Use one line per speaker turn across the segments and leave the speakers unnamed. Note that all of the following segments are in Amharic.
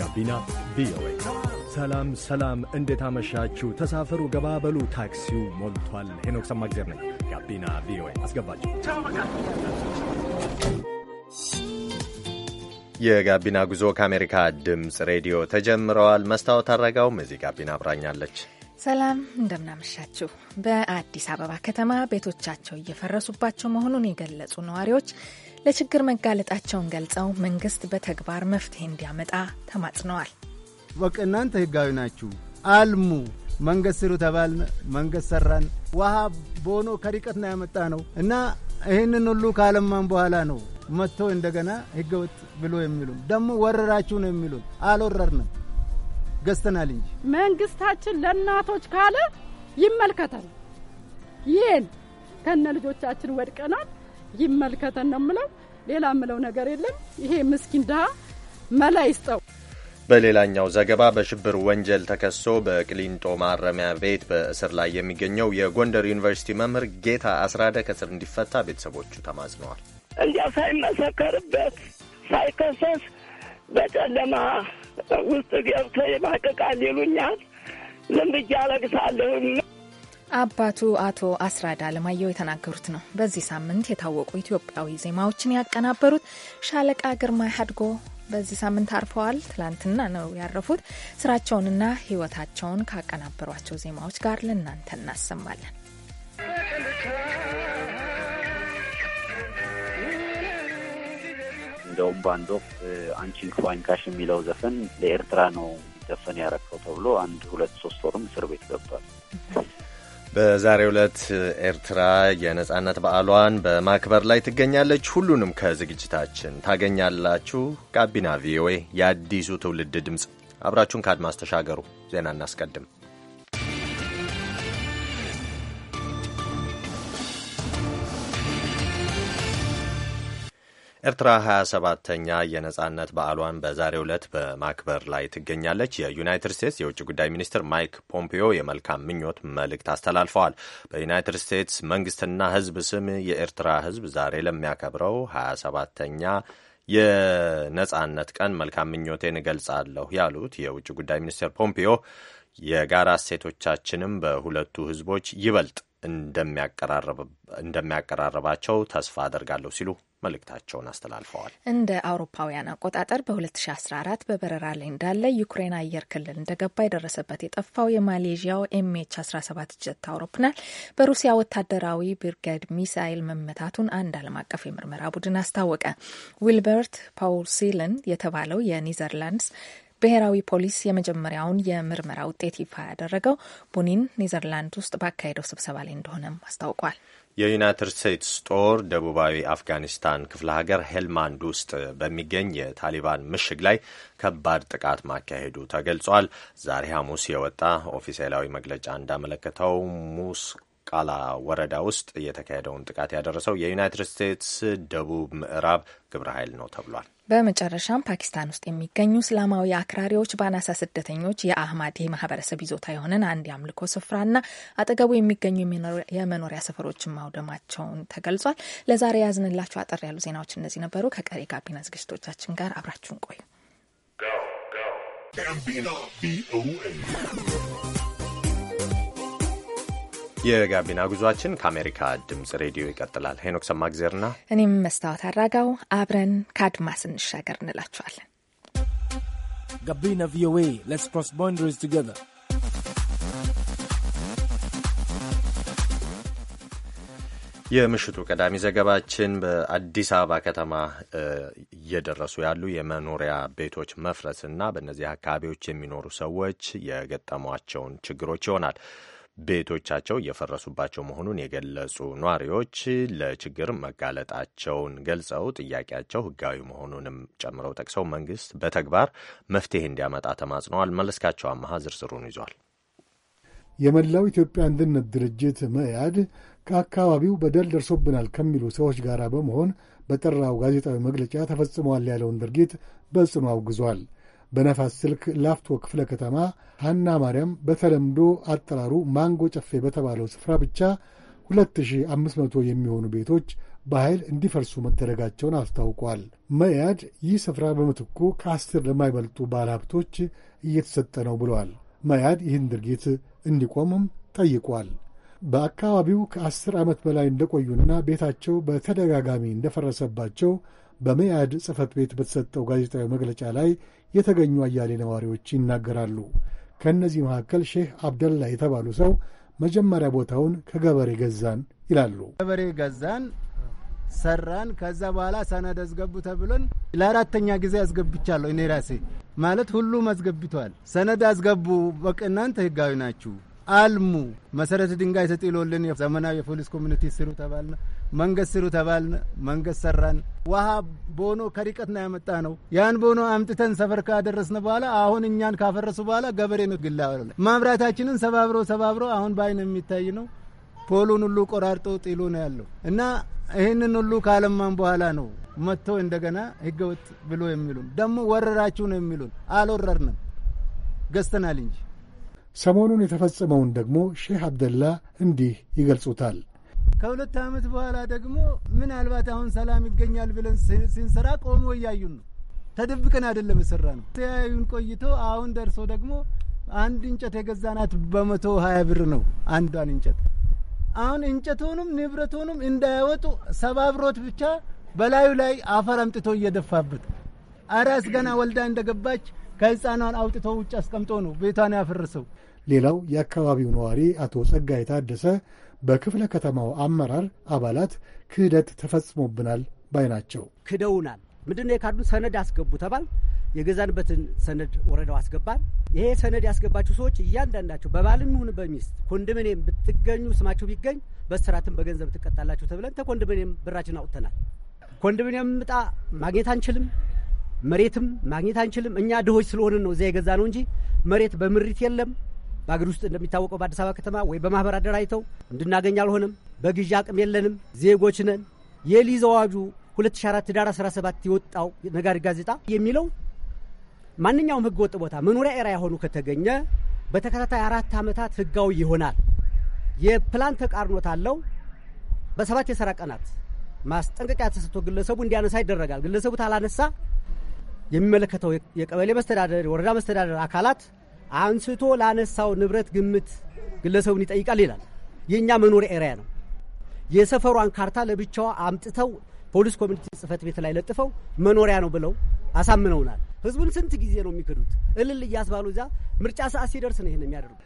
ጋቢና ቪኦኤ። ሰላም ሰላም፣ እንዴት አመሻችሁ? ተሳፈሩ፣ ገባበሉ፣ ታክሲው ሞልቷል። ሄኖክ ሰማግዜር ነኝ። ጋቢና ቪኦኤ አስገባችሁ። የጋቢና ጉዞ ከአሜሪካ ድምፅ ሬዲዮ ተጀምረዋል። መስታወት አረጋውም እዚህ ጋቢና አብራኛለች።
ሰላም እንደምናመሻችሁ። በአዲስ አበባ ከተማ ቤቶቻቸው እየፈረሱባቸው መሆኑን የገለጹ ነዋሪዎች ለችግር መጋለጣቸውን ገልጸው መንግስት በተግባር መፍትሄ እንዲያመጣ ተማጽነዋል።
በቃ እናንተ ህጋዊ ናችሁ አልሙ መንገድ ስሩ ተባልን። መንገድ ሰራን። ውሃ ቦኖ ከሪቀት ነው ያመጣ ነው እና ይህንን ሁሉ ካለማን በኋላ ነው መጥቶ እንደገና ህገወጥ ብሎ የሚሉን ደግሞ ወረራችሁ ነው የሚሉን። አልወረርንም ገዝተናል እንጂ
መንግስታችን ለእናቶች ካለ ይመልከታል። ይህን ከነ ልጆቻችን ወድቀናል። ይመልከተን ነው ምለው ሌላ ምለው ነገር የለም። ይሄ ምስኪን ድሃ መላ ይስጠው።
በሌላኛው ዘገባ በሽብር ወንጀል ተከሶ በቅሊንጦ ማረሚያ ቤት በእስር ላይ የሚገኘው የጎንደር ዩኒቨርሲቲ መምህር ጌታ አስራደ ከእስር እንዲፈታ ቤተሰቦቹ ተማጽነዋል።
እንዲያ ሳይመሰከርበት
ሳይከሰስ
በጨለማ ውስጥ ገብተ የማቀቃል ይሉኛል።
ዝም ብዬ አለቅሳለሁ።
አባቱ አቶ አስራዳ አለማየሁ የተናገሩት ነው። በዚህ ሳምንት የታወቁ ኢትዮጵያዊ ዜማዎችን ያቀናበሩት ሻለቃ ግርማ ሀድጎ በዚህ ሳምንት አርፈዋል። ትላንትና ነው ያረፉት። ስራቸውንና ሕይወታቸውን ካቀናበሯቸው ዜማዎች ጋር ለእናንተ እናሰማለን።
እንደውም በአንድ ወቅት አንቺን ክፉ አንካሽ የሚለው ዘፈን ለኤርትራ ነው ዘፈን ያረከው ተብሎ አንድ ሁለት ሶስት ወርም እስር ቤት ገብቷል።
በዛሬው ዕለት ኤርትራ የነጻነት በዓሏን በማክበር ላይ ትገኛለች። ሁሉንም ከዝግጅታችን ታገኛላችሁ። ጋቢና ቪኦኤ የአዲሱ ትውልድ ድምፅ፣ አብራችሁን ከአድማስ ተሻገሩ። ዜና እናስቀድም። ኤርትራ 27ተኛ የነጻነት በዓሏን በዛሬ ዕለት በማክበር ላይ ትገኛለች። የዩናይትድ ስቴትስ የውጭ ጉዳይ ሚኒስትር ማይክ ፖምፒዮ የመልካም ምኞት መልእክት አስተላልፈዋል። በዩናይትድ ስቴትስ መንግስትና ሕዝብ ስም የኤርትራ ሕዝብ ዛሬ ለሚያከብረው 27ተኛ የነጻነት ቀን መልካም ምኞቴን እገልጻለሁ ያሉት የውጭ ጉዳይ ሚኒስትር ፖምፒዮ የጋራ እሴቶቻችንም በሁለቱ ሕዝቦች ይበልጥ እንደሚያቀራርባቸው ተስፋ አደርጋለሁ ሲሉ መልእክታቸውን አስተላልፈዋል።
እንደ አውሮፓውያን አቆጣጠር በ2014 በበረራ ላይ እንዳለ ዩክሬን አየር ክልል እንደገባ የደረሰበት የጠፋው የማሌዥያው ኤምኤች 17 ጀት አውሮፕላን በሩሲያ ወታደራዊ ብርገድ ሚሳይል መመታቱን አንድ ዓለም አቀፍ የምርመራ ቡድን አስታወቀ። ዊልበርት ፓውልሲልን የተባለው የኒዘርላንድስ ብሔራዊ ፖሊስ የመጀመሪያውን የምርመራ ውጤት ይፋ ያደረገው ቡኒን ኔዘርላንድ ውስጥ ባካሄደው ስብሰባ ላይ እንደሆነም አስታውቋል።
የዩናይትድ ስቴትስ ጦር ደቡባዊ አፍጋኒስታን ክፍለ ሀገር ሄልማንድ ውስጥ በሚገኝ የታሊባን ምሽግ ላይ ከባድ ጥቃት ማካሄዱ ተገልጿል። ዛሬ ሐሙስ የወጣ ኦፊሴላዊ መግለጫ እንዳመለከተው ሙስ ቃላ ወረዳ ውስጥ የተካሄደውን ጥቃት ያደረሰው የዩናይትድ ስቴትስ ደቡብ ምዕራብ ግብረ ኃይል ነው ተብሏል።
በመጨረሻም ፓኪስታን ውስጥ የሚገኙ እስላማዊ አክራሪዎች በአናሳ ስደተኞች የአህማድ ማህበረሰብ ይዞታ የሆነን አንድ የአምልኮ ስፍራና አጠገቡ የሚገኙ የመኖሪያ ሰፈሮችን ማውደማቸውን ተገልጿል። ለዛሬ ያዝንላችሁ አጠር ያሉ ዜናዎች እነዚህ ነበሩ። ከቀሪ ጋቢና ዝግጅቶቻችን ጋር አብራችሁን ቆዩ።
የጋቢና ጉዟችን ከአሜሪካ ድምጽ ሬዲዮ ይቀጥላል። ሄኖክ ሰማግዜርና
እኔም መስታወት አራጋው አብረን ከአድማስ እንሻገር እንላችኋለን። ጋቢና ቪኦኤ ሌትስ ክሮስ ቦንደሪስ ቱጌዘር
የምሽቱ ቀዳሚ ዘገባችን በአዲስ አበባ ከተማ እየደረሱ ያሉ የመኖሪያ ቤቶች መፍረስና በእነዚህ አካባቢዎች የሚኖሩ ሰዎች የገጠሟቸውን ችግሮች ይሆናል። ቤቶቻቸው እየፈረሱባቸው መሆኑን የገለጹ ነዋሪዎች ለችግር መጋለጣቸውን ገልጸው ጥያቄያቸው ሕጋዊ መሆኑንም ጨምረው ጠቅሰው መንግስት በተግባር መፍትሄ እንዲያመጣ ተማጽነዋል። መለስካቸው አመሃ ዝርዝሩን
ይዟል። የመላው ኢትዮጵያ አንድነት ድርጅት መኢአድ ከአካባቢው በደል ደርሶብናል ከሚሉ ሰዎች ጋር በመሆን በጠራው ጋዜጣዊ መግለጫ ተፈጽሟል ያለውን ድርጊት በጽኑ አውግዟል። በነፋስ ስልክ ላፍቶ ክፍለ ከተማ ሐና ማርያም በተለምዶ አጠራሩ ማንጎ ጨፌ በተባለው ስፍራ ብቻ 2500 የሚሆኑ ቤቶች በኃይል እንዲፈርሱ መደረጋቸውን አስታውቋል። መያድ ይህ ስፍራ በምትኩ ከአስር ለማይበልጡ ባለሀብቶች እየተሰጠ ነው ብለዋል። መያድ ይህን ድርጊት እንዲቆምም ጠይቋል። በአካባቢው ከአስር ዓመት በላይ እንደቆዩና ቤታቸው በተደጋጋሚ እንደፈረሰባቸው በመያድ ጽህፈት ቤት በተሰጠው ጋዜጣዊ መግለጫ ላይ የተገኙ አያሌ ነዋሪዎች ይናገራሉ። ከእነዚህ መካከል ሼህ አብደላ የተባሉ ሰው መጀመሪያ ቦታውን ከገበሬ ገዛን ይላሉ።
ገበሬ ገዛን ሰራን። ከዛ በኋላ ሰነድ አስገቡ ተብሎን ለአራተኛ ጊዜ አስገብቻለሁ እኔ ራሴ ማለት ሁሉም አስገብቷል። ሰነድ አስገቡ፣ በቃ እናንተ ህጋዊ ናችሁ አልሙ መሰረተ ድንጋይ ተጥሎልን ዘመናዊ የፖሊስ ኮሚኒቲ ስሩ ተባልነ፣ መንገድ ስሩ ተባልነ፣ መንገድ ሰራን። ውሃ ቦኖ ከሪቀት ነው ያመጣ ነው። ያን ቦኖ አምጥተን ሰፈር ካደረስን በኋላ አሁን እኛን ካፈረሱ በኋላ ገበሬ ነው ግላ ማምራታችንን ሰባብሮ ሰባብሮ አሁን በአይን የሚታይ ነው። ፖሉን ሁሉ ቆራርጦ ጥሎ ነው ያለው እና ይህንን ሁሉ ካለማን በኋላ ነው መጥቶ እንደገና ህገወጥ ብሎ የሚሉን ደግሞ ወረራችሁ ነው የሚሉን። አልወረርንም ገዝተናል እንጂ
ሰሞኑን የተፈጸመውን ደግሞ ሼህ አብደላ እንዲህ ይገልጹታል።
ከሁለት ዓመት በኋላ ደግሞ ምናልባት አሁን ሰላም ይገኛል ብለን ስንሰራ ቆሞ እያዩን ነው። ተደብቀን አይደለም ስራ ነው። ተያዩን ቆይቶ አሁን ደርሶ ደግሞ አንድ እንጨት የገዛናት በመቶ ሀያ ብር ነው አንዷን እንጨት። አሁን እንጨቱንም ንብረቱንም እንዳያወጡ ሰባብሮት ብቻ በላዩ ላይ አፈር አምጥቶ እየደፋበት አራስ ገና ወልዳ እንደገባች ከህፃኗን አውጥቶ ውጭ አስቀምጦ ነው ቤቷን ያፈርሰው
ሌላው የአካባቢው ነዋሪ አቶ ጸጋይ የታደሰ በክፍለ ከተማው አመራር አባላት ክህደት ተፈጽሞብናል ባይ ናቸው።
ክደውናል። ምንድን ነው የካዱ? ሰነድ አስገቡ ተባል። የገዛንበትን ሰነድ ወረዳው አስገባል። ይሄ ሰነድ ያስገባችሁ ሰዎች እያንዳንዳቸው በባልም ይሁን በሚስት ኮንዶሚኒየም ብትገኙ ስማችሁ ቢገኝ በስራትም በገንዘብ ትቀጣላችሁ ተብለን ተኮንዶሚኒየም ብራችን አውጥተናል። ኮንዶሚኒየም ምጣ ማግኘት አንችልም። መሬትም ማግኘት አንችልም። እኛ ድሆች ስለሆንን ነው እዚያ የገዛ ነው እንጂ መሬት በምሪት የለም። በአገር ውስጥ እንደሚታወቀው በአዲስ አበባ ከተማ ወይ በማህበር አደራጅተው እንድናገኝ አልሆንም። በግዢ አቅም የለንም። ዜጎች ነን። የሊዝ አዋጁ 2004 ዳር 17 የወጣው ነጋሪት ጋዜጣ የሚለው ማንኛውም ህገ ወጥ ቦታ መኖሪያ ኤራ የሆኑ ከተገኘ በተከታታይ አራት ዓመታት ህጋዊ ይሆናል። የፕላን ተቃርኖት አለው። በሰባት የሰራ ቀናት ማስጠንቀቂያ ተሰጥቶ ግለሰቡ እንዲያነሳ ይደረጋል። ግለሰቡ ታላነሳ የሚመለከተው የቀበሌ መስተዳደር፣ የወረዳ መስተዳደር አካላት አንስቶ ላነሳው ንብረት ግምት ግለሰቡን ይጠይቃል ይላል። የእኛ መኖሪያ ኤሪያ ነው። የሰፈሯን ካርታ ለብቻዋ አምጥተው ፖሊስ ኮሚኒቲ ጽህፈት ቤት ላይ ለጥፈው መኖሪያ ነው ብለው አሳምነውናል። ህዝቡን ስንት ጊዜ ነው የሚክዱት? እልል እያስባሉ እዛ ምርጫ ሰዓት ሲደርስ ነው ይህን
የሚያደርጉ።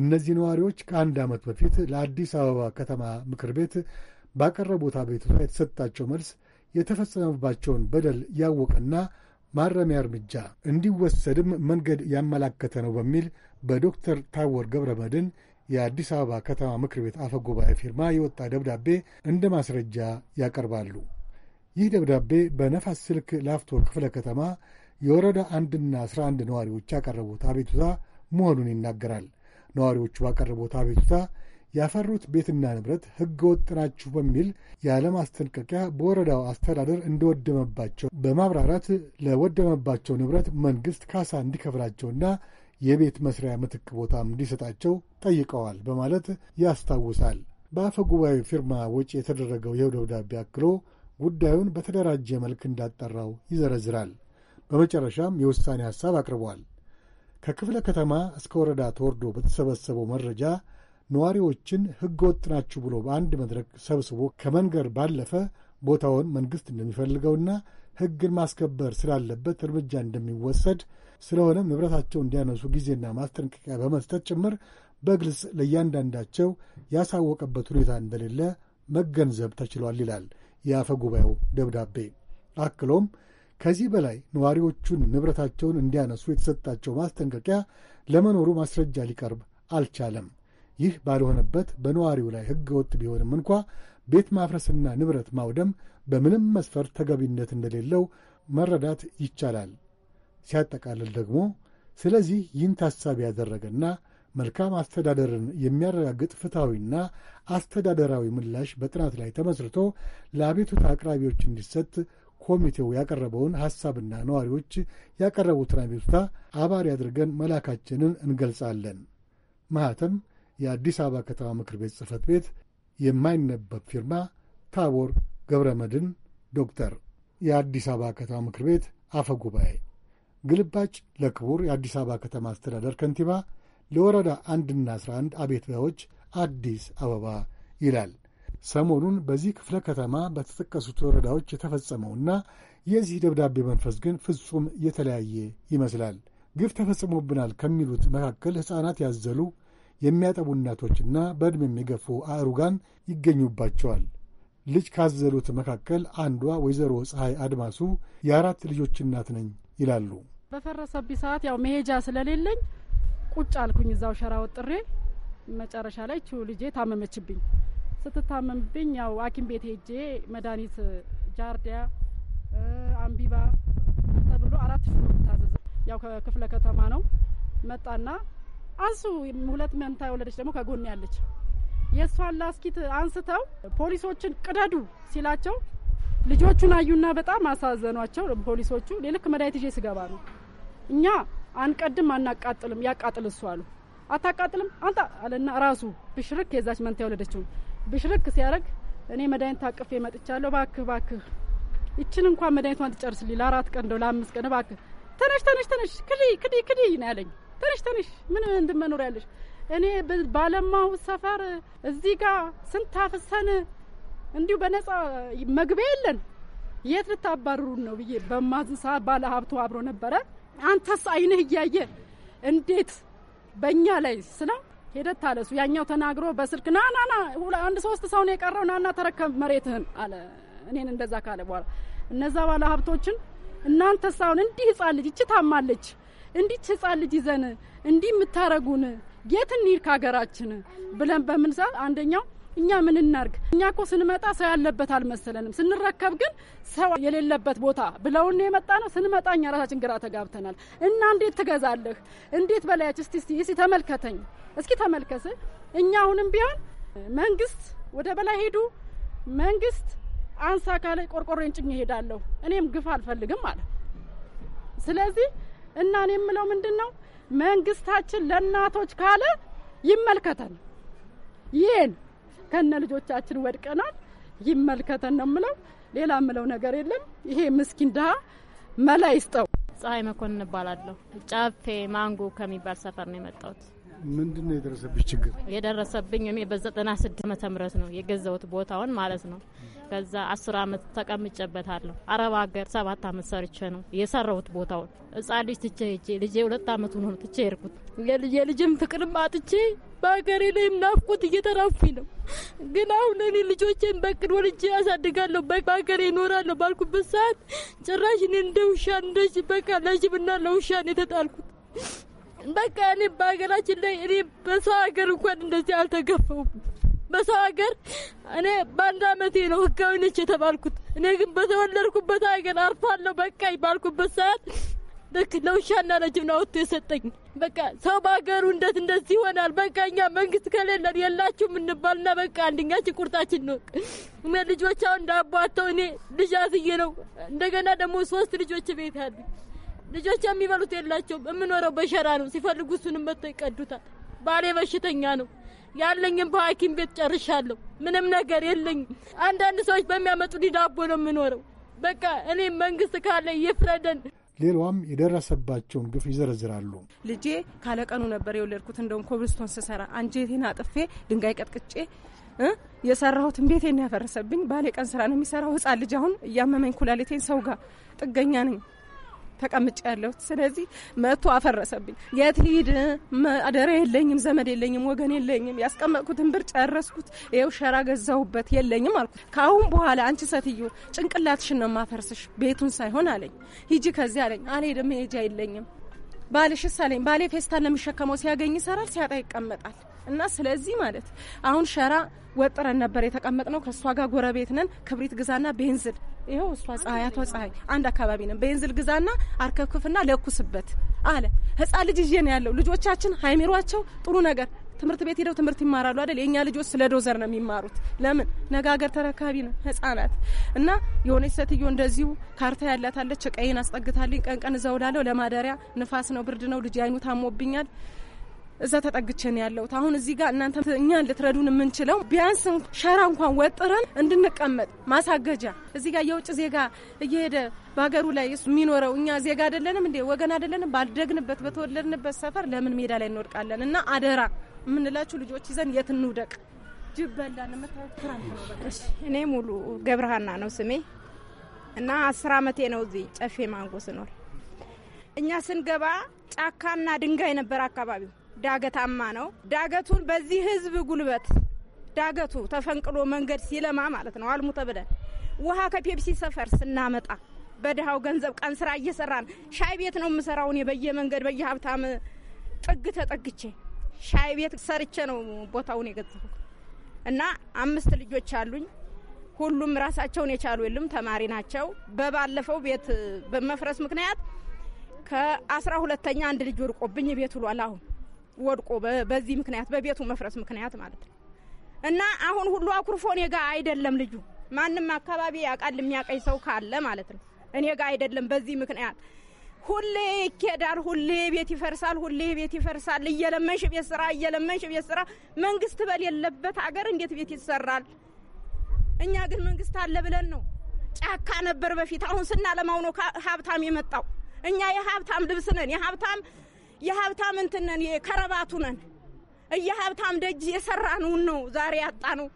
እነዚህ ነዋሪዎች ከአንድ ዓመት በፊት ለአዲስ አበባ ከተማ ምክር ቤት ባቀረቡት አቤቱታ የተሰጣቸው መልስ የተፈጸመባቸውን በደል ያወቀና ማረሚያ እርምጃ እንዲወሰድም መንገድ ያመላከተ ነው በሚል በዶክተር ታወር ገብረ መድን የአዲስ አበባ ከተማ ምክር ቤት አፈ ጉባኤ ፊርማ የወጣ ደብዳቤ እንደ ማስረጃ ያቀርባሉ። ይህ ደብዳቤ በነፋስ ስልክ ላፍቶ ክፍለ ከተማ የወረዳ አንድና አስራ አንድ ነዋሪዎች ያቀረቡት አቤቱታ መሆኑን ይናገራል። ነዋሪዎቹ ባቀረቡት አቤቱታ ያፈሩት ቤትና ንብረት ሕገወጥ ናችሁ በሚል ያለ ማስጠንቀቂያ በወረዳው አስተዳደር እንደወደመባቸው በማብራራት ለወደመባቸው ንብረት መንግሥት ካሳ እንዲከፍላቸውና የቤት መስሪያ ምትክ ቦታም እንዲሰጣቸው ጠይቀዋል በማለት ያስታውሳል። በአፈ ጉባኤ ፊርማ ወጪ የተደረገው ይኸው ደብዳቤ አክሎ ጉዳዩን በተደራጀ መልክ እንዳጠራው ይዘረዝራል። በመጨረሻም የውሳኔ ሐሳብ አቅርቧል። ከክፍለ ከተማ እስከ ወረዳ ተወርዶ በተሰበሰበው መረጃ ነዋሪዎችን ሕገ ወጥ ናችሁ ብሎ በአንድ መድረክ ሰብስቦ ከመንገር ባለፈ ቦታውን መንግሥት እንደሚፈልገውና ሕግን ማስከበር ስላለበት እርምጃ እንደሚወሰድ ስለሆነም ንብረታቸው እንዲያነሱ ጊዜና ማስጠንቀቂያ በመስጠት ጭምር በግልጽ ለእያንዳንዳቸው ያሳወቀበት ሁኔታ እንደሌለ መገንዘብ ተችሏል ይላል የአፈ ጉባኤው ደብዳቤ። አክሎም ከዚህ በላይ ነዋሪዎቹን ንብረታቸውን እንዲያነሱ የተሰጣቸው ማስጠንቀቂያ ለመኖሩ ማስረጃ ሊቀርብ አልቻለም። ይህ ባልሆነበት በነዋሪው ላይ ሕገ ወጥ ቢሆንም እንኳ ቤት ማፍረስና ንብረት ማውደም በምንም መስፈርት ተገቢነት እንደሌለው መረዳት ይቻላል። ሲያጠቃልል ደግሞ ስለዚህ ይህን ታሳቢ ያደረገና መልካም አስተዳደርን የሚያረጋግጥ ፍትሐዊና አስተዳደራዊ ምላሽ በጥናት ላይ ተመስርቶ ለአቤቱታ አቅራቢዎች እንዲሰጥ ኮሚቴው ያቀረበውን ሐሳብና ነዋሪዎች ያቀረቡትን አቤቱታ አባሪ አድርገን መላካችንን እንገልጻለን። ማህተም የአዲስ አበባ ከተማ ምክር ቤት ጽህፈት ቤት የማይነበብ ፊርማ ታቦር ገብረ መድን ዶክተር የአዲስ አበባ ከተማ ምክር ቤት አፈ ጉባኤ ግልባጭ ለክቡር የአዲስ አበባ ከተማ አስተዳደር ከንቲባ ለወረዳ አንድና አስራ አንድ አቤቱታዎች አዲስ አበባ ይላል። ሰሞኑን በዚህ ክፍለ ከተማ በተጠቀሱት ወረዳዎች የተፈጸመውና የዚህ ደብዳቤ መንፈስ ግን ፍጹም የተለያየ ይመስላል። ግፍ ተፈጽሞብናል ከሚሉት መካከል ሕፃናት ያዘሉ የሚያጠቡ እናቶችና በዕድሜ የሚገፉ አእሩጋን ይገኙባቸዋል። ልጅ ካዘሉት መካከል አንዷ ወይዘሮ ፀሐይ አድማሱ የአራት ልጆች እናት ነኝ ይላሉ።
በፈረሰብኝ ሰዓት ያው መሄጃ ስለሌለኝ ቁጭ አልኩኝ እዛው ሸራ ወጥሬ። መጨረሻ ላይ ቹ ልጄ ታመመችብኝ። ስትታመምብኝ ያው ሐኪም ቤት ሄጄ መድኃኒት ጃርዲያ፣ አምቢባ ተብሎ አራት ሹ ታዘዘ። ያው ከክፍለ ከተማ ነው መጣና አንሱ ሁለት መንታ የወለደች ደግሞ ከጎን ያለች የእሷን ላስኪት አንስተው ፖሊሶችን ቅደዱ ሲላቸው ልጆቹን አዩና በጣም አሳዘኗቸው። ፖሊሶቹ ልክ መድኃኒት ይዤ ስገባ ነው እኛ አንቀድም አናቃጥልም፣ ያቃጥል እሱ አሉ። አታቃጥልም አንተ አለና ራሱ ብሽርክ የዛች መንታ የወለደችው ብሽርክ ሲያደርግ እኔ መድኃኒት ታቅፌ መጥቻለሁ፣ ባክህ ባክህ ይችን እንኳን መድኃኒቷን ትጨርስልኝ ለአራት ቀን እንደው ለአምስት ቀን ባክህ፣ ተነሽ ተነሽ ተነሽ ክዲ ክዲ ክዲ ነው ያለኝ ተነሽ ተነሽ፣ ምን እንድመኖር ያለሽ እኔ ባለማው ሰፈር እዚህ ጋር ስንት አፍሰን እንዲሁ በነጻ መግቢያ የለን የት ልታባርሩን ነው ብዬ በማዝን ሰዓት ባለ ሀብቱ አብሮ ነበረ። አንተስ አይንህ እያየ እንዴት በእኛ ላይ ስለ ሄደት ታለሱ ያኛው ተናግሮ በስልክ ናናና አንድ ሶስት ሰውን የቀረው ናና ተረከብ መሬትህን አለ። እኔን እንደዛ ካለ በኋላ እነዛ ባለ ሀብቶችን እናንተስ አሁን እንዲህ ህጻን ልጅ ይች ታማለች እንዲች ህፃን ልጅ ይዘን እንዲህ የምታረጉን የት እንሂድ ከሀገራችን ብለን በምን ሰዓት አንደኛው እኛ ምን እናርግ? እኛ እኮ ስንመጣ ሰው ያለበት አልመሰለንም። ስንረከብ ግን ሰው የሌለበት ቦታ ብለውን የመጣ ነው። ስንመጣ እኛ ራሳችን ግራ ተጋብተናል። እና እንዴት ትገዛለህ? እንዴት በላያች? እስቲ እስቲ እስቲ ተመልከተኝ፣ እስኪ ተመልከስ። እኛ አሁንም ቢሆን መንግስት ወደ በላይ ሄዱ፣ መንግስት አንሳ ካለ ቆርቆሮን ጭኝ እሄዳለሁ፣ እኔም ግፍ አልፈልግም ማለት ስለዚህ እና እኔ የምለው ምንድን ነው መንግስታችን ለእናቶች ካለ ይመልከተን። ይህን ከነ ልጆቻችን ወድቀናል፣ ይመልከተን ነው የምለው። ሌላ የምለው ነገር የለም። ይሄ ምስኪን ድሀ መላ ይስጠው።
ፀሐይ መኮንን እባላለሁ። ጫፌ ማንጎ ከሚባል ሰፈር ነው የመጣሁት።
ምንድን ነው የደረሰብሽ ችግር?
የደረሰብኝ እኔ በዘጠና ስድስት ዓመተ ምህረት ነው የገዛሁት ቦታውን ማለት ነው። ከዛ አስር አመት ተቀምጨበታለሁ። አረብ ሀገር ሰባት አመት ሰርቼ ነው የሰራሁት ቦታውን። ህጻን ልጅ ትቼ ሄጄ ልጄ ሁለት አመት ሆኖ ትቼ ሄድኩት። የልጅም ፍቅርም አጥቼ በሀገሬ ላይም ናፍቆት እየተራፊ ነው። ግን አሁን እኔ ልጆቼን በቅድ ወልጄ ያሳድጋለሁ፣ በሀገሬ ይኖራለሁ ባልኩበት ሰዓት ጭራሽ እኔ እንደ ውሻ እንደ በቃ ለጅብና ለውሻ ነው የተጣልኩት። በቃ እኔ በሀገራችን ላይ እኔ በሰው ሀገር እንኳን እንደዚህ አልተገፈውም። በሰው ሀገር እኔ በአንድ አመቴ ነው ህጋዊ ነች የተባልኩት። እኔ ግን በተወለድኩበት ሀገር አርፋለሁ በቃ ባልኩበት ሰዓት ልክ ለውሻና ለጅብ ነው አውጥቶ የሰጠኝ። በቃ ሰው በሀገሩ እንደት እንደዚህ ይሆናል? በቃ እኛ መንግስት ከሌለን የላችሁም እንባልና በቃ አንደኛችን ቁርጣችን ነው። እኔ ልጆች አሁን ዳቦ እኔ ልጅ አስዬ ነው እንደገና ደግሞ ሶስት ልጆች ቤት አሉ ልጆች የሚበሉት የላቸውም። የምኖረው በሸራ ነው። ሲፈልጉ እሱንም መጥተው ይቀዱታል። ባሌ በሽተኛ ነው። ያለኝም በሐኪም ቤት ጨርሻለሁ። ምንም ነገር የለኝም። አንዳንድ ሰዎች በሚያመጡ ዳቦ ነው የምኖረው። በቃ እኔ መንግስት ካለ ይፍረደን።
ሌሏም የደረሰባቸውን ግፍ ይዘረዝራሉ።
ልጄ ካለቀኑ ነበር የወለድኩት። እንደውም
ኮብልስቶን ስሰራ አንጀቴን አጥፌ ድንጋይ ቀጥቅጬ የሰራሁትን ቤቴን ያፈረሰብኝ። ባሌ ቀን ስራ ነው የሚሰራው። ህጻን ልጅ አሁን እያመመኝ ኩላሊቴን ሰው ጋር ጥገኛ ነኝ። ተቀምጬ ያለሁት። ስለዚህ መጥቶ አፈረሰብኝ። የት ሂድ አደራ የለኝም፣ ዘመድ የለኝም፣ ወገን የለኝም። ያስቀመጥኩትን ብር ጨረስኩት። ይኸው ሸራ ገዛሁበት፣ የለኝም አልኩት። ከአሁን በኋላ አንቺ ሴትዮ ጭንቅላትሽን ነው ማፈርስሽ፣ ቤቱን ሳይሆን አለኝ። ሂጂ ከዚህ አለኝ። አልሄድም፣ መሄጃ የለኝም። ባልሽስ አለኝ። ባሌ ፌስታን ለሚሸከመው ሲያገኝ ይሰራል፣ ሲያጣ ይቀመጣል። እና ስለዚህ ማለት አሁን ሸራ ወጥረን ነበር የተቀመጥ ነው። ከእሷ ጋር ጎረቤት ነን። ክብሪት ግዛና ቤንዝል ይኸው እሷ አቶ ፀሐይ አንድ አካባቢ ነን። ቤንዝል ግዛና አርከፍክፍና ለኩስበት አለ። ህፃን ልጅ ይዤ ነው ያለው። ልጆቻችን ሀይሚሯቸው ጥሩ ነገር ትምህርት ቤት ሄደው ትምህርት ይማራሉ አይደል? የእኛ ልጆች ስለ ዶዘር ነው የሚማሩት። ለምን ነገ ሀገር ተረካቢ ነው ህጻናት እና የሆነች ሴትዮ እንደዚሁ ካርታ ያላታለች። ቀይን አስጠግታልኝ ቀንቀን ቀን ለማደሪያ ንፋስ ነው ብርድ ነው ልጅ አይኑ ታሞብኛል። እዛ ተጠግቸን ያለሁት። አሁን እዚህ ጋር እናንተ እኛ ልትረዱን የምንችለው ቢያንስ ሸራ እንኳን ወጥረን እንድንቀመጥ ማሳገጃ። እዚህ ጋር የውጭ ዜጋ እየሄደ በሀገሩ ላይ የሚኖረው እኛ ዜጋ አይደለንም እንዴ? ወገን አይደለንም? ባልደግንበት በተወለድንበት ሰፈር ለምን ሜዳ ላይ እንወድቃለን? እና አደራ
የምንላችሁ ልጆች ይዘን የት እንውደቅ? እኔ ሙሉ ገብረሃና ነው ስሜ እና አስር አመቴ ነው እዚህ ጨፌ ማንጎ ስኖር። እኛ ስንገባ ጫካና ድንጋይ ነበር አካባቢው ዳገታማ ነው። ዳገቱን በዚህ ህዝብ ጉልበት ዳገቱ ተፈንቅሎ መንገድ ሲለማ ማለት ነው። አልሙ ተብለን ውሃ ከፔፕሲ ሰፈር ስናመጣ በድሃው ገንዘብ ቀን ስራ እየሰራን ሻይ ቤት ነው የምሰራው እኔ በየመንገድ በየሀብታም ጥግ ተጠግቼ ሻይ ቤት ሰርቼ ነው ቦታውን የገዛሁት እና አምስት ልጆች አሉኝ። ሁሉም ራሳቸውን የቻሉ የሉም፣ ተማሪ ናቸው። በባለፈው ቤት በመፍረስ ምክንያት ከአስራ ሁለተኛ አንድ ልጅ ወድቆብኝ ቤት ውሏል አሁን ወድቆ በዚህ ምክንያት በቤቱ መፍረስ ምክንያት ማለት ነው። እና አሁን ሁሉ አኩርፎ እኔ ጋ አይደለም ልጁ ማንም አካባቢ ያውቃል የሚያቀኝ ሰው ካለ ማለት ነው። እኔ ጋ አይደለም በዚህ ምክንያት ሁሌ ይኬዳል፣ ሁሌ ቤት ይፈርሳል፣ ሁሌ ቤት ይፈርሳል። እየለመንሽ ቤት ስራ፣ እየለመንሽ ቤት ስራ። መንግስት በሌለበት አገር እንዴት ቤት ይሰራል? እኛ ግን መንግስት አለ ብለን ነው። ጫካ ነበር በፊት፣ አሁን ስናለማው ነው ሀብታም የመጣው። እኛ የሀብታም ልብስ ነን፣ የሀብታም የሀብታም እንትን ነን፣ ነን። የሀብታም ደጅ የሰራነውን ነው ዛሬ ያጣነው።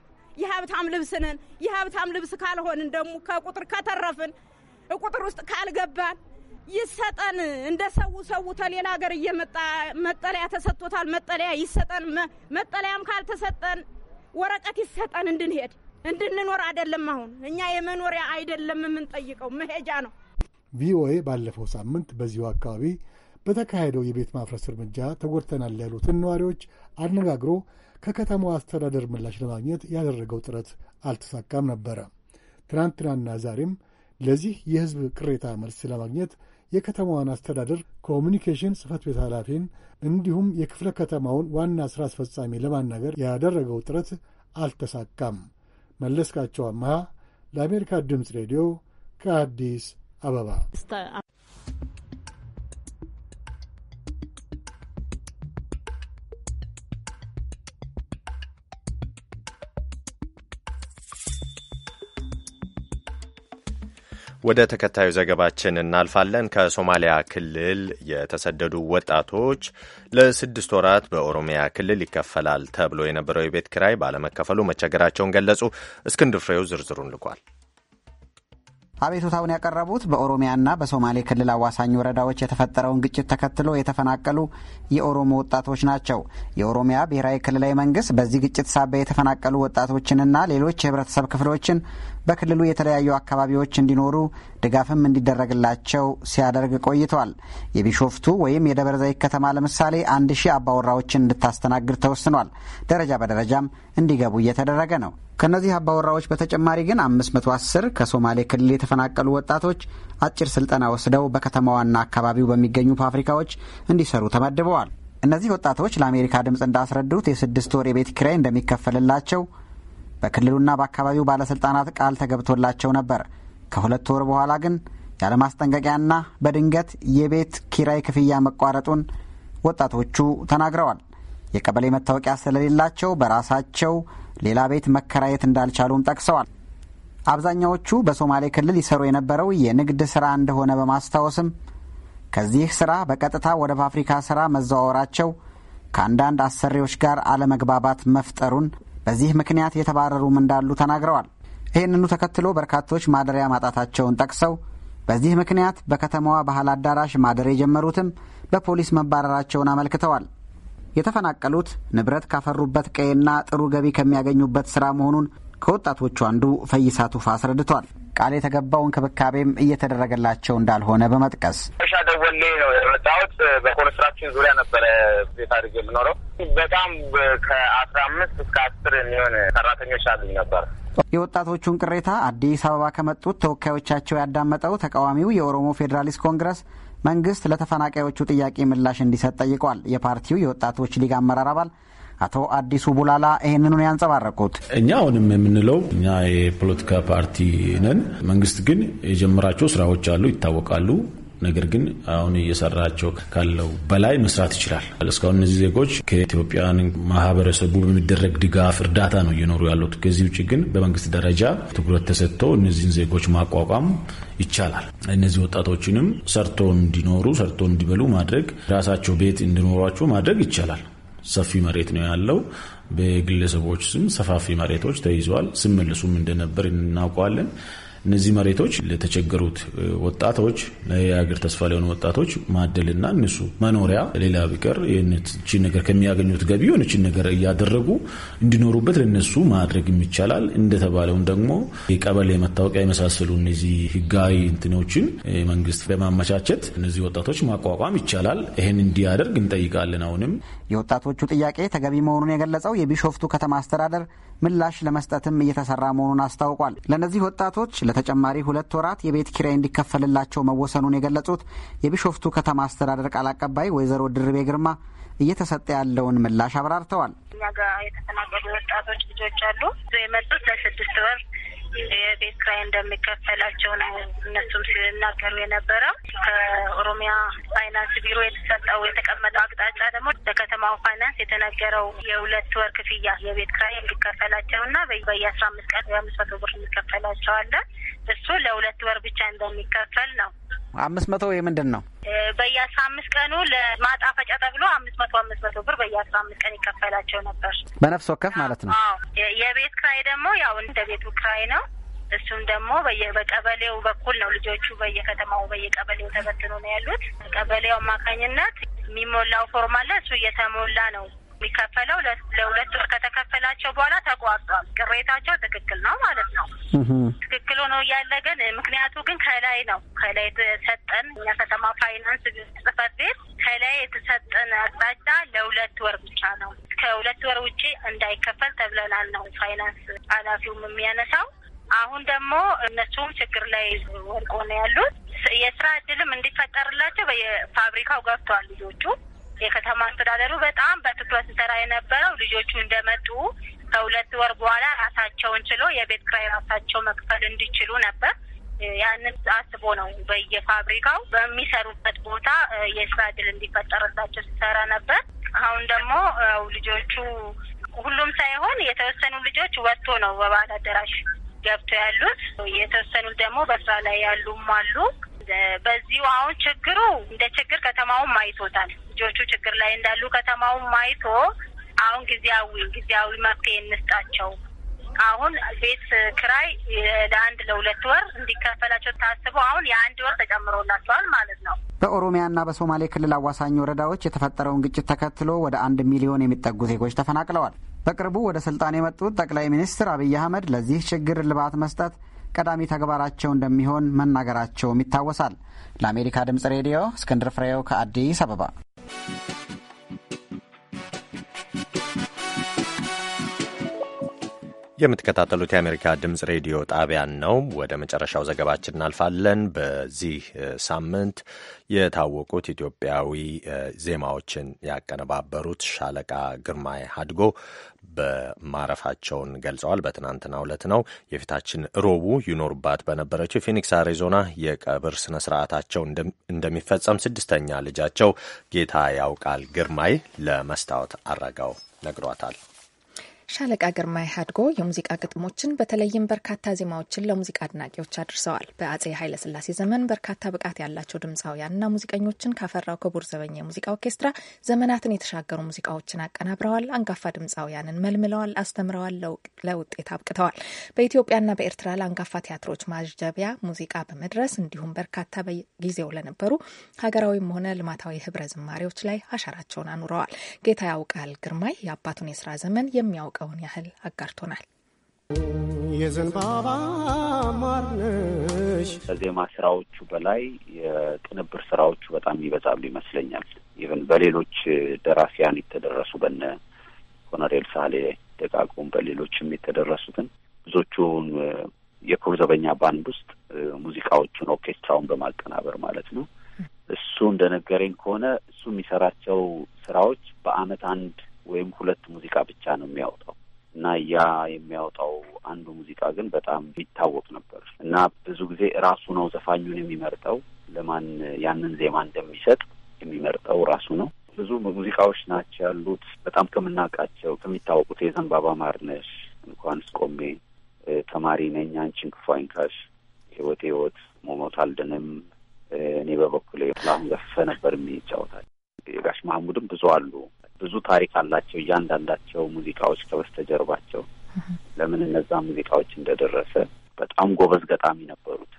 የሀብታም ልብስ ነን። የሀብታም ልብስ ካልሆንን ደግሞ ከቁጥር ከተረፍን ቁጥር ውስጥ ካልገባን ይሰጠን። እንደ ሰው ሰው ተሌላ ሀገር እየመጣ መጠለያ ተሰጥቶታል። መጠለያ ይሰጠን። መጠለያም ካልተሰጠን ወረቀት ይሰጠን እንድንሄድ እንድንኖር አይደለም። አሁን እኛ የመኖሪያ አይደለም የምንጠይቀው መሄጃ ነው።
ቪኦኤ ባለፈው ሳምንት በዚሁ አካባቢ በተካሄደው የቤት ማፍረስ እርምጃ ተጎድተናል ያሉትን ነዋሪዎች አነጋግሮ ከከተማው አስተዳደር ምላሽ ለማግኘት ያደረገው ጥረት አልተሳካም ነበረ። ትናንትናና ዛሬም ለዚህ የሕዝብ ቅሬታ መልስ ለማግኘት የከተማዋን አስተዳደር ኮሚኒኬሽን ጽሕፈት ቤት ኃላፊን እንዲሁም የክፍለ ከተማውን ዋና ሥራ አስፈጻሚ ለማናገር ያደረገው ጥረት አልተሳካም። መለስካቸው አመሃ ለአሜሪካ ድምፅ ሬዲዮ ከአዲስ አበባ
ወደ ተከታዩ ዘገባችን እናልፋለን። ከሶማሊያ ክልል የተሰደዱ ወጣቶች ለስድስት ወራት በኦሮሚያ ክልል ይከፈላል ተብሎ የነበረው የቤት ክራይ ባለመከፈሉ መቸገራቸውን ገለጹ። እስክንድር ፍሬው ዝርዝሩን ልኳል።
አቤቱታውን ያቀረቡት በኦሮሚያና በሶማሌ ክልል አዋሳኝ ወረዳዎች የተፈጠረውን ግጭት ተከትሎ የተፈናቀሉ የኦሮሞ ወጣቶች ናቸው። የኦሮሚያ ብሔራዊ ክልላዊ መንግስት በዚህ ግጭት ሳቢያ የተፈናቀሉ ወጣቶችንና ሌሎች የህብረተሰብ ክፍሎችን በክልሉ የተለያዩ አካባቢዎች እንዲኖሩ ድጋፍም እንዲደረግላቸው ሲያደርግ ቆይቷል። የቢሾፍቱ ወይም የደብረ ዘይት ከተማ ለምሳሌ አንድ ሺህ አባወራዎችን እንድታስተናግድ ተወስኗል። ደረጃ በደረጃም እንዲገቡ እየተደረገ ነው። ከእነዚህ አባወራዎች በተጨማሪ ግን 510 ከሶማሌ ክልል የተፈናቀሉ ወጣቶች አጭር ስልጠና ወስደው በከተማዋና አካባቢው በሚገኙ ፋብሪካዎች እንዲሰሩ ተመድበዋል። እነዚህ ወጣቶች ለአሜሪካ ድምፅ እንዳስረዱት የስድስት ወር የቤት ኪራይ እንደሚከፈልላቸው በክልሉና በአካባቢው ባለስልጣናት ቃል ተገብቶላቸው ነበር። ከሁለት ወር በኋላ ግን ያለማስጠንቀቂያና በድንገት የቤት ኪራይ ክፍያ መቋረጡን ወጣቶቹ ተናግረዋል። የቀበሌ መታወቂያ ስለሌላቸው በራሳቸው ሌላ ቤት መከራየት እንዳልቻሉም ጠቅሰዋል። አብዛኛዎቹ በሶማሌ ክልል ይሰሩ የነበረው የንግድ ስራ እንደሆነ በማስታወስም ከዚህ ስራ በቀጥታ ወደ ፋብሪካ ስራ መዘዋወራቸው ከአንዳንድ አሰሪዎች ጋር አለመግባባት መፍጠሩን በዚህ ምክንያት የተባረሩም እንዳሉ ተናግረዋል። ይህንኑ ተከትሎ በርካቶች ማደሪያ ማጣታቸውን ጠቅሰው በዚህ ምክንያት በከተማዋ ባህል አዳራሽ ማደር የጀመሩትም በፖሊስ መባረራቸውን አመልክተዋል። የተፈናቀሉት ንብረት ካፈሩበት ቀዬና ጥሩ ገቢ ከሚያገኙበት ስራ መሆኑን ከወጣቶቹ አንዱ ፈይሳ ቱፋ አስረድቷል። ቃል የተገባው እንክብካቤም እየተደረገላቸው እንዳልሆነ በመጥቀስ
ሻ ደወሌ ነው የመጣሁት። በኮንስትራክሽን ዙሪያ ነበረ ቤት አድርጌ የምኖረው። በጣም ከአስራ አምስት እስከ አስር የሚሆን ሰራተኞች አሉኝ ነበር።
የወጣቶቹን ቅሬታ አዲስ አበባ ከመጡት ተወካዮቻቸው ያዳመጠው ተቃዋሚው የኦሮሞ ፌዴራሊስት ኮንግረስ መንግስት ለተፈናቃዮቹ ጥያቄ ምላሽ እንዲሰጥ ጠይቋል። የፓርቲው የወጣቶች ሊግ አመራር አባል አቶ አዲሱ ቡላላ ይህንኑን ያንጸባረቁት
እኛ አሁንም የምንለው
እኛ የፖለቲካ
ፓርቲ ነን። መንግስት ግን የጀመራቸው ስራዎች አሉ፣ ይታወቃሉ። ነገር ግን አሁን እየሰራቸው ካለው በላይ መስራት ይችላል። እስካሁን እነዚህ ዜጎች ከኢትዮጵያን ማህበረሰቡ በሚደረግ ድጋፍ እርዳታ ነው እየኖሩ ያሉት። ከዚህ ውጭ ግን በመንግስት ደረጃ ትኩረት ተሰጥቶ እነዚህን ዜጎች ማቋቋም ይቻላል። እነዚህ ወጣቶችንም ሰርቶ እንዲኖሩ ሰርቶ እንዲበሉ ማድረግ ራሳቸው ቤት እንዲኖሯቸው ማድረግ ይቻላል። ሰፊ መሬት ነው ያለው። በግለሰቦች ስም ሰፋፊ መሬቶች ተይዘዋል። ስመልሱም እንደነበር እናውቀዋለን። እነዚህ መሬቶች ለተቸገሩት ወጣቶች የሀገር ተስፋ ሊሆኑ ወጣቶች ማደልና እነሱ መኖሪያ ሌላ ቢቀር ይህችን ነገር ከሚያገኙት ገቢ የሆነችን ነገር እያደረጉ እንዲኖሩበት ለነሱ ማድረግ ይቻላል። እንደተባለውን ደግሞ የቀበሌ መታወቂያ የመሳሰሉ እነዚህ ህጋዊ እንትኖችን መንግስት በማመቻቸት እነዚህ ወጣቶች ማቋቋም ይቻላል። ይህን እንዲያደርግ እንጠይቃለን። አሁንም የወጣቶቹ ጥያቄ
ተገቢ መሆኑን የገለጸው የቢሾፍቱ ከተማ አስተዳደር ምላሽ ለመስጠትም እየተሰራ መሆኑን አስታውቋል። ለእነዚህ ወጣቶች ለተጨማሪ ሁለት ወራት የቤት ኪራይ እንዲከፈልላቸው መወሰኑን የገለጹት የቢሾፍቱ ከተማ አስተዳደር ቃል አቀባይ ወይዘሮ ድርቤ ግርማ እየተሰጠ ያለውን ምላሽ አብራርተዋል።
እኛ ጋር የተፈናቀሉ ወጣቶች ልጆች አሉ። የመጡት ለስድስት ወር የቤት ኪራይ እንደሚከፈላቸው ነው እነሱም ሲናገሩ የነበረው። ከኦሮሚያ ፋይናንስ ቢሮ የተሰጠው የተቀመጠው አቅጣጫ ደግሞ ለከተማው ፋይናንስ የተነገረው የሁለት ወር ክፍያ የቤት ኪራይ እንዲከፈላቸውና በየ አስራ አምስት ቀን የአምስት መቶ ብር እንከፈላቸዋለን። እሱ ለሁለት ወር ብቻ እንደሚከፈል ነው።
አምስት መቶ የምንድን ነው?
በየአስራ አምስት ቀኑ ለማጣፈጫ ተብሎ አምስት መቶ አምስት መቶ ብር በየአስራ አምስት ቀን ይከፈላቸው ነበር።
በነፍስ ወከፍ ማለት ነው።
የቤት ክራይ ደግሞ ያው እንደ ቤቱ ክራይ ነው። እሱም ደግሞ በቀበሌው በኩል ነው። ልጆቹ በየከተማው በየቀበሌው ተበትኖ ነው ያሉት። ቀበሌው አማካኝነት የሚሞላው ፎርም አለ። እሱ እየተሞላ ነው የሚከፈለው ለሁለት ወር ከተከፈላቸው በኋላ ተቋርጧል። ቅሬታቸው ትክክል ነው ማለት ነው። ትክክል ሆኖ እያለ ግን ምክንያቱ ግን ከላይ ነው። ከላይ የተሰጠን እኛ ከተማ ፋይናንስ ጽሕፈት ቤት ከላይ የተሰጠን አቅጣጫ ለሁለት ወር ብቻ ነው። ከሁለት ወር ውጭ እንዳይከፈል ተብለናል ነው ፋይናንስ ኃላፊውም የሚያነሳው። አሁን ደግሞ እነሱም ችግር ላይ ወድቆ ነው ያሉት። የስራ እድልም እንዲፈጠርላቸው በየፋብሪካው ገብተዋል ልጆቹ የከተማ አስተዳደሩ በጣም በትኩረት ሲሰራ የነበረው ልጆቹ እንደመጡ ከሁለት ወር በኋላ ራሳቸውን ችሎ የቤት ክራይ ራሳቸው መክፈል እንዲችሉ ነበር። ያንን አስቦ ነው በየፋብሪካው በሚሰሩበት ቦታ የስራ እድል እንዲፈጠርላቸው ሲሰራ ነበር። አሁን ደግሞ ልጆቹ ሁሉም ሳይሆን የተወሰኑ ልጆች ወጥቶ ነው በባህል አዳራሽ ገብቶ ያሉት። የተወሰኑ ደግሞ በስራ ላይ ያሉም አሉ። በዚሁ አሁን ችግሩ እንደ ችግር ከተማውን ማይቶታል። ልጆቹ ችግር ላይ እንዳሉ ከተማውን ማይቶ አሁን ጊዜያዊ ጊዜያዊ መፍትሄ እንስጣቸው። አሁን ቤት ክራይ ለአንድ ለሁለት ወር እንዲከፈላቸው ታስበው አሁን የአንድ ወር ተጨምሮላቸዋል ማለት ነው።
በኦሮሚያና በሶማሌ ክልል አዋሳኝ ወረዳዎች የተፈጠረውን ግጭት ተከትሎ ወደ አንድ ሚሊዮን የሚጠጉ ዜጎች ተፈናቅለዋል። በቅርቡ ወደ ስልጣን የመጡት ጠቅላይ ሚኒስትር አብይ አህመድ ለዚህ ችግር እልባት መስጠት ቀዳሚ ተግባራቸው እንደሚሆን መናገራቸውም ይታወሳል። ለአሜሪካ ድምጽ ሬዲዮ እስክንድር ፍሬው ከአዲስ አበባ።
የምትከታተሉት የአሜሪካ ድምፅ ሬዲዮ ጣቢያን ነው። ወደ መጨረሻው ዘገባችን እናልፋለን። በዚህ ሳምንት የታወቁት ኢትዮጵያዊ ዜማዎችን ያቀነባበሩት ሻለቃ ግርማይ ሀድጎ በማረፋቸውን ገልጸዋል። በትናንትናው ዕለት ነው። የፊታችን ሮቡ ይኖሩባት በነበረችው ፊኒክስ አሪዞና የቀብር ስነ ስርዓታቸው እንደሚፈጸም ስድስተኛ ልጃቸው ጌታ ያውቃል ግርማይ ለመስታወት አረጋው ነግሯታል።
ሻለቃ ግርማ ሀድጎ የሙዚቃ ግጥሞችን በተለይም በርካታ ዜማዎችን ለሙዚቃ አድናቂዎች አድርሰዋል። በአጼ ኃይለስላሴ ዘመን በርካታ ብቃት ያላቸው ድምፃውያንና ሙዚቀኞችን ካፈራው ክቡር ዘበኛ የሙዚቃ ኦርኬስትራ ዘመናትን የተሻገሩ ሙዚቃዎችን አቀናብረዋል። አንጋፋ ድምፃውያንን መልምለዋል፣ አስተምረዋል፣ ለውጤት አብቅተዋል። በኢትዮጵያና በኤርትራ ለአንጋፋ ቲያትሮች ማጀቢያ ሙዚቃ በመድረስ እንዲሁም በርካታ በጊዜው ለነበሩ ሀገራዊም ሆነ ልማታዊ ህብረ ዝማሬዎች ላይ አሻራቸውን አኑረዋል። ጌታ ያውቃል ግርማይ የአባቱን የስራ ዘመን የሚያውቅ ያወቀውን ያህል አጋርቶናል።
የዘንባባ
ማርነሽ
ከዜማ ስራዎቹ በላይ የቅንብር ስራዎቹ በጣም ይበዛሉ ይመስለኛል። ኢቨን በሌሎች ደራሲያን የተደረሱ በነ ኮሎኔል ሳሌ ደቃቁም በሌሎችም የተደረሱትን ብዙዎቹን የኩር ዘበኛ ባንድ ውስጥ ሙዚቃዎቹን ኦርኬስትራውን በማቀናበር ማለት ነው። እሱ እንደነገረኝ ከሆነ እሱ የሚሰራቸው ስራዎች በአመት አንድ ወይም ሁለት ሙዚቃ ብቻ ነው የሚያወጡ እና ያ የሚያወጣው አንዱ ሙዚቃ ግን በጣም ይታወቅ ነበር እና ብዙ ጊዜ ራሱ ነው ዘፋኙን የሚመርጠው ለማን ያንን ዜማ እንደሚሰጥ የሚመርጠው ራሱ ነው። ብዙ ሙዚቃዎች ናቸው ያሉት። በጣም ከምናውቃቸው ከሚታወቁት የዘንባባ ማርነሽ፣ እንኳንስ ቆሜ፣ ተማሪ ነኝ፣ አንቺን ክፉ አይንካሽ፣ ህይወት ህይወት፣ መሞት አልድንም፣ እኔ በበኩሌ ላሁን ገሰሰ ነበር የሚጫወታል። የጋሽ መሐሙድም ብዙ አሉ። ብዙ ታሪክ አላቸው እያንዳንዳቸው ሙዚቃዎች ከበስተጀርባቸው ለምን እነዛ ሙዚቃዎች እንደደረሰ በጣም ጎበዝ ገጣሚ ነበሩት።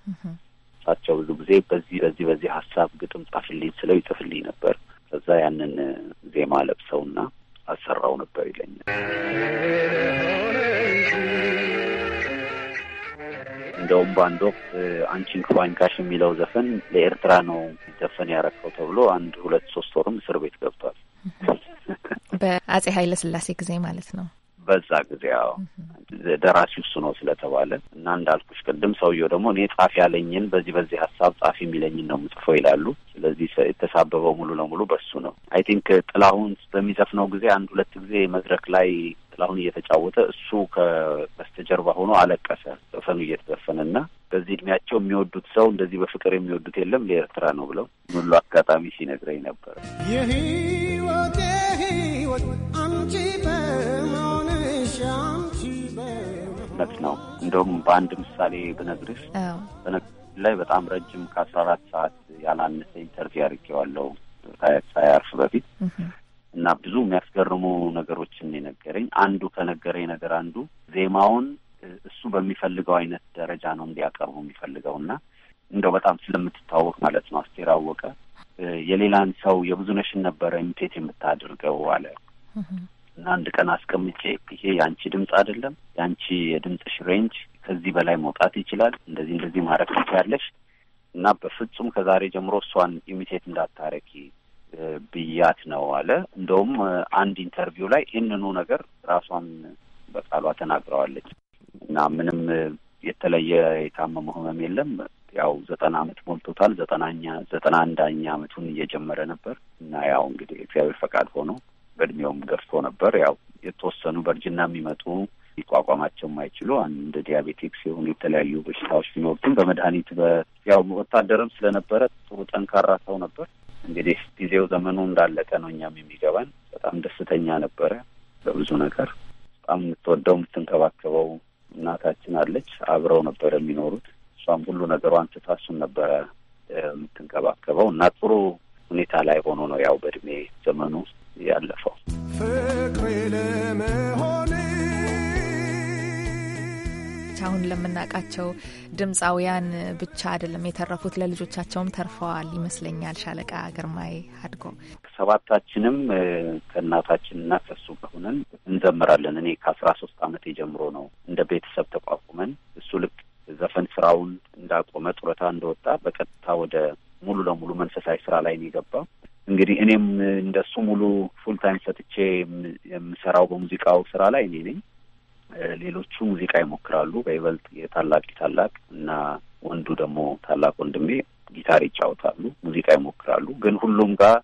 እሳቸው ብዙ ጊዜ በዚህ በዚህ በዚህ ሀሳብ ግጥም ጻፍልኝ ስለው ይጽፍልኝ ነበር። ከዛ ያንን ዜማ ለብሰውና አሰራው ነበር ይለኛል። እንደውም በአንድ ወቅት አንቺን ክፋኝ ካሽ የሚለው ዘፈን ለኤርትራ ነው ዘፈን ያረከው ተብሎ አንድ ሁለት ሶስት ወርም እስር ቤት ገብቷል።
በአጼ ኃይለ ስላሴ ጊዜ ማለት ነው።
በዛ ጊዜ ያው ደራሲ እሱ ነው ስለተባለ እና እንዳልኩሽ ቅድም ሰውየው ደግሞ እኔ ጻፊ ያለኝን በዚህ በዚህ ሀሳብ ጻፍ የሚለኝን ነው የምጽፈው ይላሉ። ስለዚህ የተሳበበው ሙሉ ለሙሉ በሱ ነው። አይ ቲንክ ጥላሁን በሚዘፍነው ጊዜ አንድ ሁለት ጊዜ መድረክ ላይ ጥላሁን እየተጫወተ እሱ ከበስተጀርባ ሆኖ አለቀሰ ዘፈኑ እየተዘፈነ እና በዚህ እድሜያቸው የሚወዱት ሰው እንደዚህ በፍቅር የሚወዱት የለም ለኤርትራ ነው ብለው ሁሉ አጋጣሚ ሲነግረኝ ነበር።
ህይወት አንቺ በመሆንሽ አንቺ በመሆንሽ
ነው። እንደውም በአንድ ምሳሌ ብነግርሽ ላይ በጣም ረጅም ከአስራ አራት ሰዓት ያላነሰ ኢንተርቪው አድርጌዋለሁ ሳያርፍ በፊት እና ብዙ የሚያስገርሙ ነገሮችን የነገረኝ አንዱ ከነገረኝ ነገር አንዱ ዜማውን እሱ በሚፈልገው አይነት ደረጃ ነው እንዲያቀርቡ የሚፈልገው እና እንደው በጣም ስለምትታወቅ ማለት ነው አስቴር አወቀ የሌላን ሰው የብዙነሽን ነበረ ኢሚቴት የምታደርገው አለ እና አንድ ቀን አስቀምጬ ይሄ የአንቺ ድምፅ አይደለም፣ የአንቺ የድምፅሽ ሬንጅ ከዚህ በላይ መውጣት ይችላል፣ እንደዚህ እንደዚህ ማድረግ ትችያለሽ እና በፍጹም ከዛሬ ጀምሮ እሷን ኢሚቴት እንዳታረቂ ብያት ነው አለ። እንደውም አንድ ኢንተርቪው ላይ ይህንኑ ነገር ራሷን በቃሏ ተናግረዋለች እና ምንም የተለየ የታመመ ህመም የለም ያው ዘጠና አመት ሞልቶታል። ዘጠናኛ ዘጠና አንዳኛ አመቱን እየጀመረ ነበር እና ያው እንግዲህ እግዚአብሔር ፈቃድ ሆኖ በእድሜውም ገፍቶ ነበር። ያው የተወሰኑ በእርጅና የሚመጡ ሊቋቋማቸው የማይችሉ አንድ ዲያቤቲክስ የሆኑ የተለያዩ በሽታዎች ቢኖሩትም በመድኃኒት ያው ወታደርም ስለነበረ ጥሩ ጠንካራ ሰው ነበር። እንግዲህ ጊዜው ዘመኑ እንዳለቀ ነው እኛም የሚገባን። በጣም ደስተኛ ነበረ በብዙ ነገር። በጣም የምትወደው የምትንከባከበው እናታችን አለች። አብረው ነበር የሚኖሩት እሷም ሁሉ ነገሯን ትታ እሱን ነበረ የምትንከባከበው እና ጥሩ ሁኔታ ላይ ሆኖ ነው ያው በእድሜ ዘመኑ ያለፈው። ፍቅሬ ለመሆን
አሁን ለምናውቃቸው ድምፃውያን ብቻ አይደለም የተረፉት ለልጆቻቸውም ተርፈዋል ይመስለኛል። ሻለቃ ግርማይ አድጎ
ሰባታችንም ከእናታችንና ከሱ ጋር ሆነን እንዘምራለን። እኔ ከአስራ ሶስት አመቴ ጀምሮ ነው እንደ ቤተሰብ ተቋቁመን እሱ ልክ ዘፈን ስራውን እንዳቆመ ጡረታ እንደወጣ በቀጥታ ወደ ሙሉ ለሙሉ መንፈሳዊ ስራ ላይ ነው የገባው። እንግዲህ እኔም እንደሱ ሙሉ ፉል ታይም ሰጥቼ የምሰራው በሙዚቃው ስራ ላይ እኔ ነኝ። ሌሎቹ ሙዚቃ ይሞክራሉ። በይበልጥ የታላቅ ታላቅ እና ወንዱ ደግሞ ታላቅ ወንድሜ ጊታር ይጫወታሉ፣ ሙዚቃ ይሞክራሉ። ግን ሁሉም ጋር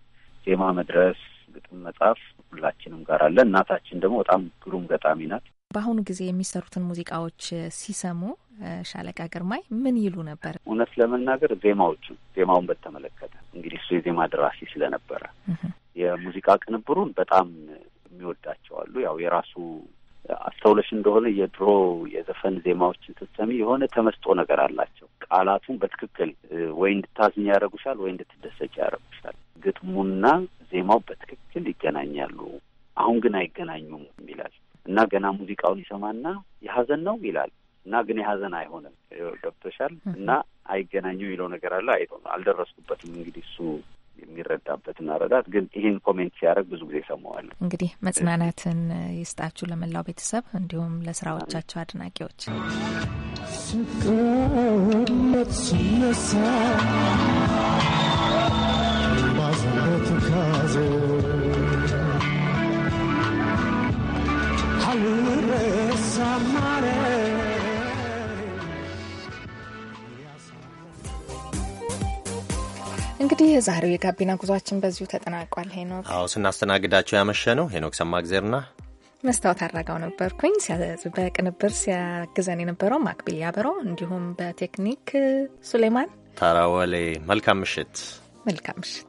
ዜማ መድረስ፣ ግጥም መጻፍ ሁላችንም ጋር አለ። እናታችን ደግሞ በጣም ግሩም ገጣሚ ናት።
በአሁኑ ጊዜ የሚሰሩትን ሙዚቃዎች ሲሰሙ ሻለቃ ግርማይ ምን ይሉ ነበር?
እውነት ለመናገር ዜማዎቹን ዜማውን በተመለከተ እንግዲህ እሱ የዜማ ደራሲ ስለነበረ የሙዚቃ ቅንብሩን በጣም የሚወዳቸው አሉ። ያው የራሱ አስተውለሽ እንደሆነ የድሮ የዘፈን ዜማዎችን ስትሰሚ የሆነ ተመስጦ ነገር አላቸው። ቃላቱን በትክክል ወይ እንድታዝኝ ያደረጉሻል ወይ እንድትደሰጭ ያደረጉሻል። ግጥሙና ዜማው በትክክል ይገናኛሉ። አሁን ግን አይገናኙም ይላል እና ገና ሙዚቃውን ይሰማና የሀዘን ነው ይላል እና ግን የሀዘን አይሆንም ገብቶሻል። እና አይገናኙ ይለው ነገር አለ። አይ አልደረስኩበትም እንግዲህ እሱ የሚረዳበትን አረዳት። ግን ይህን ኮሜንት ሲያደርግ ብዙ ጊዜ ሰማዋል
እንግዲህ መጽናናትን ይስጣችሁ ለመላው ቤተሰብ እንዲሁም ለስራዎቻቸው አድናቂዎች
ስቅነት ሲነሳ ካዘ
እንግዲህ የዛሬው የጋቢና ጉዟችን በዚሁ ተጠናቋል። ሄኖክ
አዎ፣ ስናስተናግዳቸው ያመሸ ነው ሄኖክ ግዜርና
መስታወት አድረጋው ነበርኩኝ። በቅንብር ሲያግዘን የነበረው ማክቢል ያበረው፣ እንዲሁም በቴክኒክ ሱሌማን
ታራወሌ። መልካም ምሽት።
መልካም ምሽት።